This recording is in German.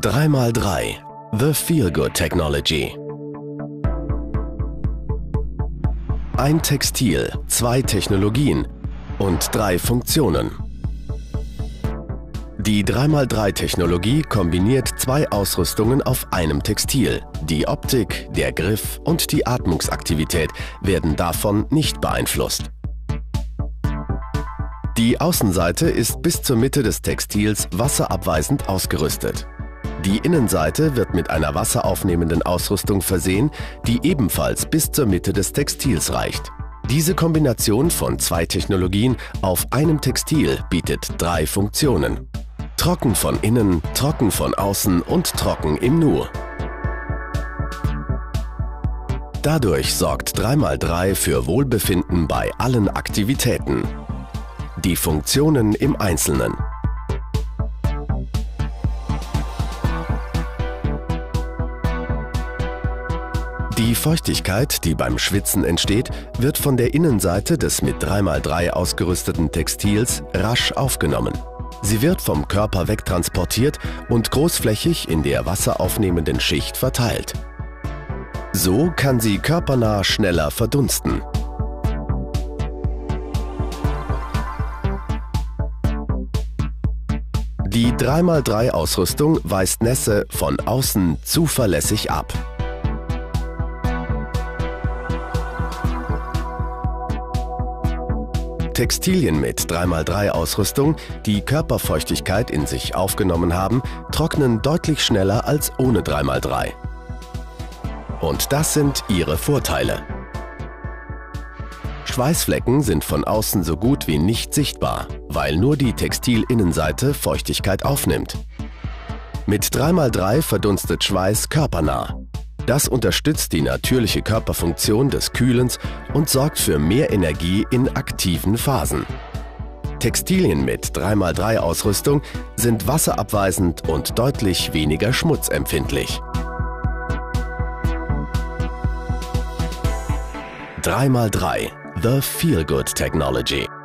3x3 The Feel Good Technology. Ein Textil, zwei Technologien und drei Funktionen. Die 3x3-Technologie kombiniert zwei Ausrüstungen auf einem Textil. Die Optik, der Griff und die Atmungsaktivität werden davon nicht beeinflusst. Die Außenseite ist bis zur Mitte des Textils wasserabweisend ausgerüstet. Die Innenseite wird mit einer wasseraufnehmenden Ausrüstung versehen, die ebenfalls bis zur Mitte des Textils reicht. Diese Kombination von zwei Technologien auf einem Textil bietet drei Funktionen. Trocken von innen, trocken von außen und trocken im Nu. Dadurch sorgt 3x3 für Wohlbefinden bei allen Aktivitäten. Die Funktionen im Einzelnen. Die Feuchtigkeit, die beim Schwitzen entsteht, wird von der Innenseite des mit 3x3 ausgerüsteten Textils rasch aufgenommen. Sie wird vom Körper wegtransportiert und großflächig in der wasseraufnehmenden Schicht verteilt. So kann sie körpernah schneller verdunsten. Die 3x3-Ausrüstung weist Nässe von außen zuverlässig ab. Textilien mit 3x3-Ausrüstung, die Körperfeuchtigkeit in sich aufgenommen haben, trocknen deutlich schneller als ohne 3x3. Und das sind ihre Vorteile. Schweißflecken sind von außen so gut wie nicht sichtbar, weil nur die Textilinnenseite Feuchtigkeit aufnimmt. Mit 3x3 verdunstet Schweiß körpernah, das unterstützt die natürliche Körperfunktion des Kühlens und sorgt für mehr Energie in aktiven Phasen. Textilien mit 3x3-Ausrüstung sind wasserabweisend und deutlich weniger schmutzempfindlich. 3x3 The Feel Good Technology